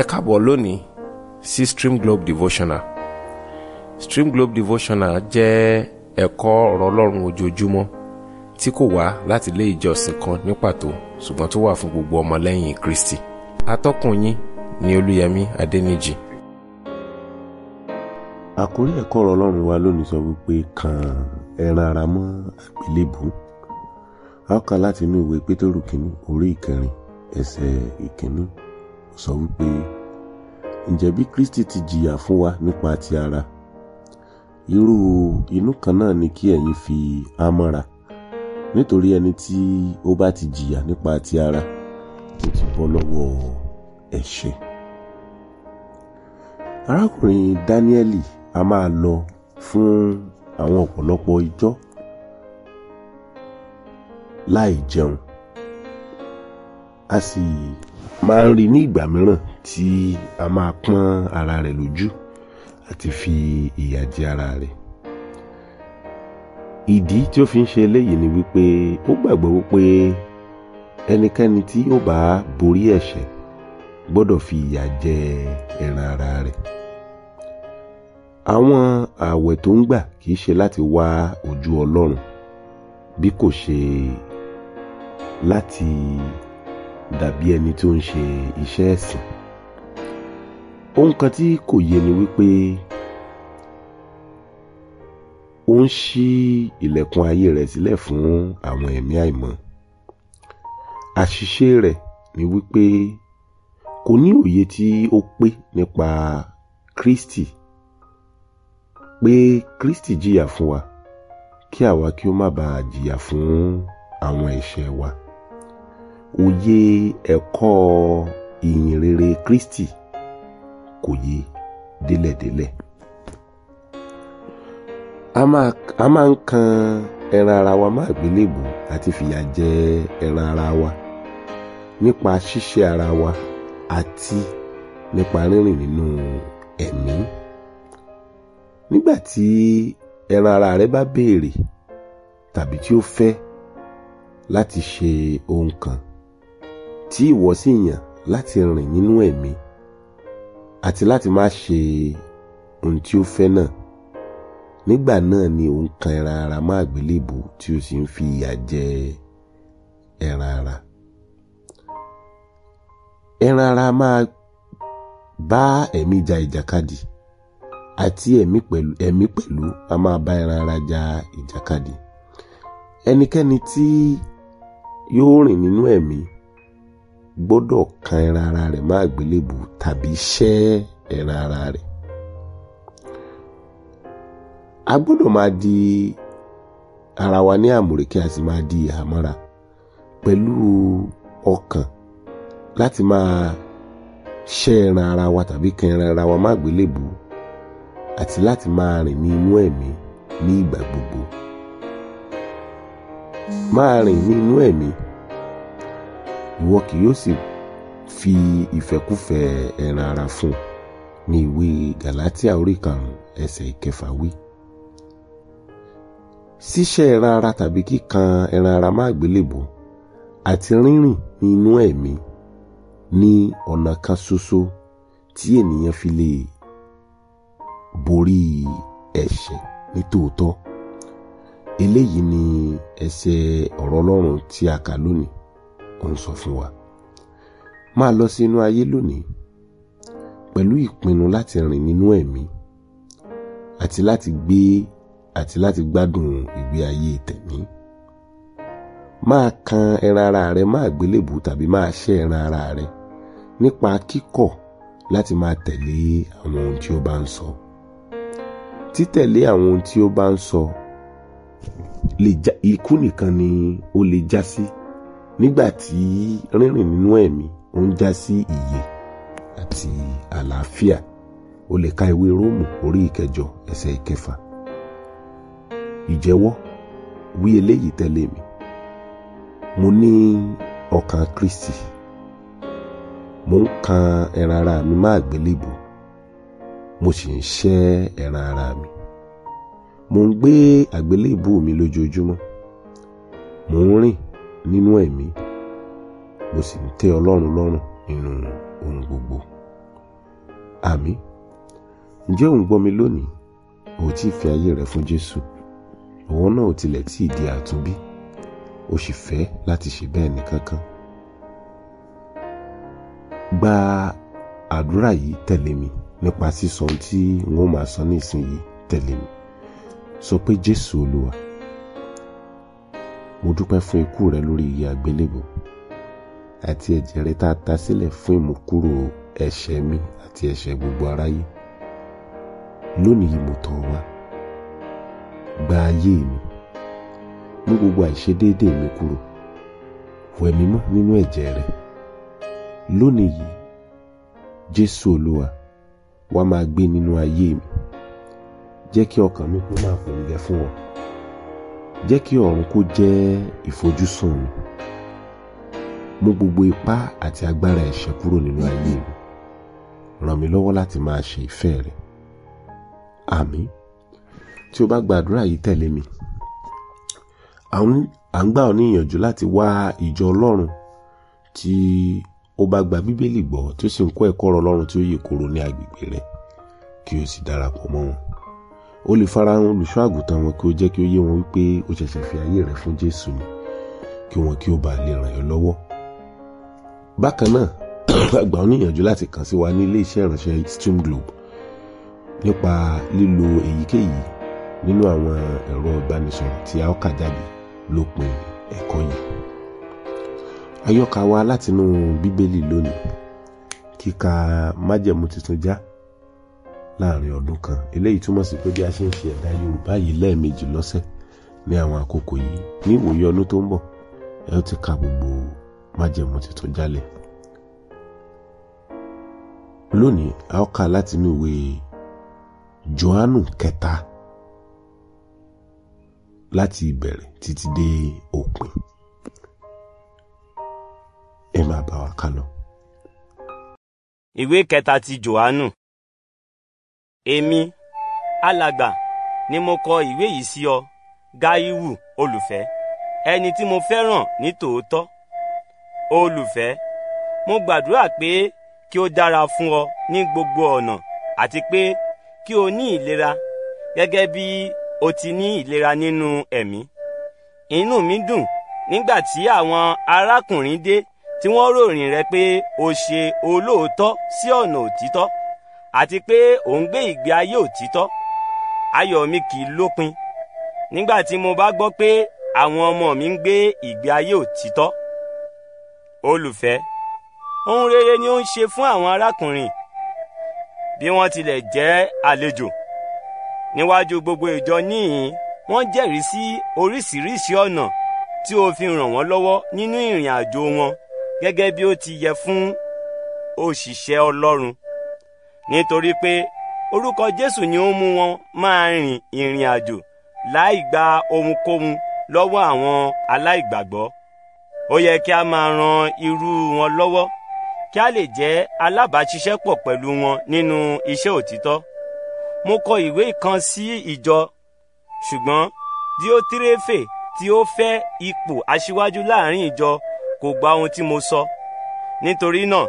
ẹ káàbọ̀ lónìí sí stream globe devotional stream globe devotional jẹ́ ẹ̀kọ́ ọ̀rọ̀ ọlọ́run ojoojúmọ́ tí kò wá láti ilé ìjọsìn kan ní pàtó ṣùgbọ́n tó wà fún gbogbo ọmọlẹ́yìn kristi atọ́kùn yín ni olúyẹmí adẹ́nìjì. àkórí ẹ̀kọ́ ọ̀rọ̀ ọlọ́run wa lónìí sọ wípé kàn ẹran ara mọ́ àgbélébùú a ó kà láti inú ìwé pétérù kínní orí ìkẹrin ẹsẹ̀ ìkínní sọ wípé ǹjẹ́ bí Kristi ti jìyà fún wa nípa ti ara irú inú kan náà ni kí ẹ̀yin fi á mọ́ra nítorí ẹni tí ó bá ti jìyà nípa ti ara ó ti bọ́ lọ́wọ́ ẹ̀ṣẹ̀. arákùnrin Dáníẹ́lì a máa lọ fún àwọn ọ̀pọ̀lọpọ̀ ijọ́ láì jẹun a sì. Si máa ń rí ní ìgbà mìíràn tí a máa pọ́n ara rẹ̀ lójú àti fi ìyà jẹ ara rẹ̀ ìdí tí ó fi ń ṣe eléyìí ni wípé ó gbàgbọ́ wípé ẹnikẹ́ni tí ó bá borí ẹ̀ṣẹ̀ gbọ́dọ̀ fi ìyà jẹ ẹran ara rẹ̀ àwọn ààwẹ̀ tó ń gbà kì í ṣe láti wá ojú Ọlọ́run bí kò ṣe láti dàbí ẹni tó ń ṣe iṣẹ́ ẹ̀sìn ohun kan tí kò yé ni wípé ó ń ṣí ilẹ̀kùn ayé rẹ̀ sílẹ̀ fún àwọn ẹ̀mí àìmọ́ àṣìṣe rẹ̀ ni wípé kò ní òye tí ó pé nípa Kristi pé Kristi jìyà fún wa kí àwa kí ó má bàa jìyà fún àwọn ẹ̀ṣẹ̀ wa òye ẹ̀kọ́ ìyìn rere Kristi kò yé délẹ̀délẹ̀ a máa ń kan ẹran ara wa máa gbélébù àti fìyà jẹ ẹran ara wa nípa ṣíṣe ara wa àti nípa rírìn nínú ẹ̀mí nígbà tí ẹran ara rẹ bá béèrè tàbí tí ó fẹ́ láti ṣe ohun kan tí ìwọ sì yàn láti rìn nínú ẹ̀mí àti láti má ṣe ohun tí ó fẹ́ náà nígbà náà ni òun kan ẹran ara mọ́ àgbélébù tí ó sì ń fi ìyà jẹ ẹran ara ẹran ara máa bá ẹ̀mí ja ìjàkadì àti ẹ̀mí pẹ̀lú a máa bá ẹran ara ja ìjàkadì ẹnikẹ́ni tí yóò rìn nínú ẹ̀mí gbọ́dọ̀ kan ẹran ara rẹ̀ má àgbélébù tàbí ṣẹ́ ẹran ara rẹ̀. a gbọ́dọ̀ máa di ara wa ní àmùrè kí a sì máa di ìhàmọ́ra pẹ̀lú ọkàn láti máa ṣẹ́ ẹran ara wa tàbí kan ẹran ara wa má àgbélébù àti láti máa rìn ní inú ẹ̀mí ní ìgbà gbogbo máa rìn ní inú ẹ̀mí. E ìwọ kì yóò sì fi ìfẹ́kúfẹ̀ẹ́ ẹran ara fún un ní ìwé galatia orí karùn-ún ẹsẹ̀ ìkẹfà wí. ṣíṣẹ́ ẹran ara tàbí kíkan ẹran ara má gbélébùú àti rírìn nínú ẹ̀mí ní ọ̀nà kan ṣoṣo tí ènìyàn fi lè borí ẹ̀ṣẹ̀ nítòótọ́ eléyìí ni ẹsẹ̀ ọ̀rọ̀ ọlọ́run tí a kà lónìí ó ń sọ fún wa máa lọ sí inú ayé lónìí pẹ̀lú ìpinnu láti rìn nínú ẹ̀mí àti láti gbé àti láti gbádùn ìgbé ayé tẹ̀mí máa kan ẹran ara rẹ máa gbélébù tàbí máa ṣẹ́ ẹran ara rẹ nípa kíkọ̀ láti máa tẹ̀lé àwọn ohun tí ó bá ń sọ títẹ̀lé àwọn ohun tí ó bá ń sọ ikú nìkan ni ó lè já sí. Si nígbà tí rírìn nínú ẹ̀mí ó ń já sí ìyè àti àlàáfíà o lè ka ìwé róòmù orí ìkẹjọ ẹsẹ̀ ìkẹfà ìjẹ́wọ́ wí eléyìí tẹ̀lé mi mo ní ọkàn kristi mo ń kan ẹran ara mi má àgbélébù mo sì ń ṣẹ́ ẹran ara mi mo ń gbé àgbélébù mi lójoojúmọ́ mo ń rìn nínú ẹ̀mí mo sì ń tẹ́ ọlọ́run lọ́rùn nínú ohun gbogbo àmì ǹjẹ́ ò gbọ́ mi lónìí ò tí ì fi ayé rẹ fún jésù òun náà ò tilẹ̀ tí ì di àtúnbí ó sì fẹ́ láti ṣe bẹ́ẹ̀ nìkankan gba àdúrà yìí tẹ̀lé mi nípa sísọ ohun tí n ó máa sọ ní ìsinyìí tẹ̀lé mi sọ pé jésù olúwa mo dúpẹ́ fún ikú rẹ lórí iye àgbélébù àti ẹ̀jẹ̀ rẹ tá a ta sílẹ̀ fún ìmúkúrò ẹ̀ṣẹ̀ mi àti ẹ̀ṣẹ̀ gbogbo aráyé lónìí mo tọ̀ wá gba ayé mi mú gbogbo àìṣedéédé mi kúrò wẹ̀ mí mọ́ nínú ẹ̀jẹ̀ rẹ lónìí yìí jésù olúwa wàá máa gbé nínú ayé mi jẹ́ kí ọkàn mi kó máa pòǹgẹ́ fún ọ jẹ́ kí ọ̀run kó jẹ́ ìfojúsùn mi mú gbogbo ipá àti agbára ẹ̀ṣẹ̀ kúrò nínú ayé mi ràn mí lọ́wọ́ láti máa ṣe ìfẹ́ rẹ̀ àmín tí o bá gbàdúrà yìí tẹ̀lé mi à ń gbà ọ́ níyànjú láti wá ìjọ ọlọ́run tí ó bá gba bíbélì gbọ́ tí ó sì ń kọ́ ẹ̀kọ́ ọ̀rọ̀ ọlọ́run tí ó yè kooro ní agbègbè rẹ̀ kí o sì darapọ̀ mọ́ wọn ó lè farahàn olùṣọ́ àgùntàn wọn kí ó jẹ́ kí ó yé wọn wípé ó ṣẹ̀ṣẹ̀ fi ayé rẹ̀ fún jésù ni kí wọn kí ó bàa lè ràn ẹ́ lọ́wọ́ bákan náà àgbà oníyànjú láti kàn sí wa ní ilé iṣẹ́ ìránṣẹ́ stream globe nípa lílo èyíkéyìí nínú àwọn ẹ̀rọ ìbánisọ̀rọ̀ tí a ó kà jáde lópin ẹ̀kọ́ yìí àyọkà wa látinú bíbélì lónìí kíka májẹ̀mú tuntun já. Ja láàrin ọdún kan eléyìí túmọ̀ sí pé bí a ṣe ń ṣe ẹ̀dá yorùbá yìí lẹ́ẹ̀mejì lọ́sẹ̀ ní àwọn àkókò yìí ní ìwòye ọdún tó ń bọ̀ ẹ ó ti ka gbogbo májẹ̀mú tuntun jálẹ̀ lónìí a ó kà láti inú ìwé johannu kẹta láti ìbẹ̀rẹ̀ títí dé òpin ẹ máa bá wa kà lọ. ìwé kẹta ti johannu èmi alàgbà ni mo kọ ìwé yìí sí ọ gáíwù olùfẹ́ ẹni tí mo fẹ́ràn ní tòótọ́ olùfẹ́ mo gbàdúrà pé kí ó dára fún ọ ní gbogbo ọ̀nà àti pé kí o ní ìlera gẹ́gẹ́ bí o ti ní ìlera nínú ẹ̀mí inú mi dùn nígbà tí àwọn arákùnrin dé tí wọ́n ròyìn rẹ pé o ṣe olóòótọ́ sí ọ̀nà òtítọ́. Si àti pé ò ń gbé ìgbé ayé òtítọ́ ayọ̀ mi kì í lópin nígbà tí mo bá gbọ́ pé àwọn ọmọ mi ń gbé ìgbé ayé òtítọ́ olùfẹ́ ohun rere ni ó ń ṣe fún àwọn arákùnrin bí wọ́n tilẹ̀ jẹ́ àlejò níwájú gbogbo ìjọ níhìn wọ́n jẹ́rìí sí oríṣiríṣi ọ̀nà tí o fi ràn wọ́n lọ́wọ́ nínú ìrìn àjò wọn gẹ́gẹ́ bí ó ti yẹ fún òṣìṣẹ́ Ọlọ́run nítorí pé orúkọ Jésù ni ó mú wọn máa rìn ìrìn àjò láì gba ohunkóhun lọ́wọ́ àwọn aláìgbàgbọ́ ó yẹ kí a máa ran irú wọn lọ́wọ́ kí a lè jẹ́ alábàáṣiṣẹ́pọ̀ pẹ̀lú wọn nínú iṣẹ́ òtítọ́ mo kọ ìwé kan sí ìjọ ṣùgbọ́n Diótírèfè tí ó fẹ́ ipò aṣíwájú láàrin ìjọ kò gba ohun tí mo sọ nítorí náà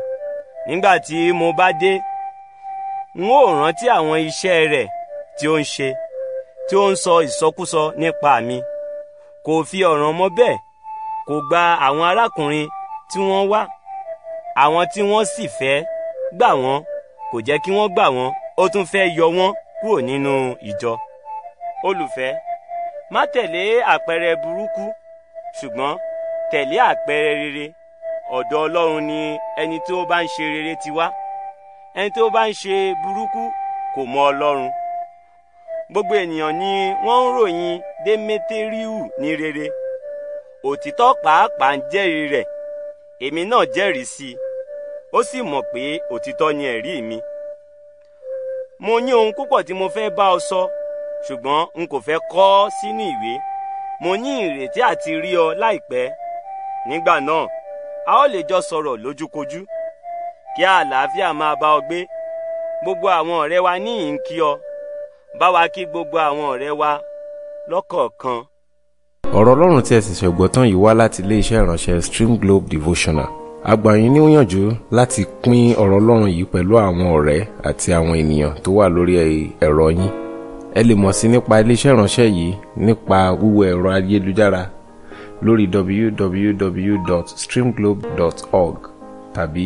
nígbà tí mo bá dé n ó rántí àwọn iṣẹ́ rẹ̀ tí ó ń ṣe tí ó ń sọ ìsọkúsọ nípa mi kò fi ọ̀ràn mọ́ bẹ́ẹ̀ kò gba àwọn arákùnrin tí wọ́n wá àwọn tí wọ́n sì fẹ́ gbà wọ́n kò jẹ́ kí wọ́n gbà wọ́n ó tún fẹ́ yọ wọ́n kúrò nínú ìjọ olùfẹ́ má tẹ̀lé àpẹẹrẹ burúkú ṣùgbọ́n tẹ̀lé àpẹẹrẹ rere ọ̀dọ̀ Ọlọ́run ni ẹni tó bá ń ṣe rere ti wá ẹni tó bá ń ṣe burúkú kò mọ ọlọ́run gbogbo ènìyàn ni wọ́n ń ròyìn Démétériù ní rere òtítọ́ pàápàá ń jẹ́rìí rẹ̀ èmi náà jẹ́rìí sí i ó sì mọ̀ pé òtítọ́ ni ẹ̀rí mi mo ní ohun púpọ̀ tí mo fẹ́ bá ọ sọ ṣùgbọ́n n kò fẹ́ kọ ọ́ sínú ìwé mo ní ìrètí àti rí ọ láìpẹ́ nígbà náà a ó lè jọ sọ̀rọ̀ lójúkojú kí àlàáfíà máa bá ọ gbé gbogbo àwọn ọ̀rẹ́ wa níyìn ń kí ọ bá wa kí gbogbo àwọn ọ̀rẹ́ wa lọ́kọ̀ọ̀kan. ọ̀rọ̀ ọlọ́run tí ẹ sì ṣẹ̀gbọ́ tán yìí wá láti iléeṣẹ́ ìránṣẹ́ Stream Globe Devotional a gbà yín níyànjú láti pín ọ̀rọ̀ ọlọ́run yìí pẹ̀lú àwọn ọ̀rẹ́ àti àwọn ènìyàn tó wà lórí ẹ̀rọ yín ẹ lè mọ̀ sí nípa iléeṣẹ́ ìránṣẹ́ yìí nípa wíwọ ẹ̀rọ ayélujára lórí www.streamglobe.org tàbí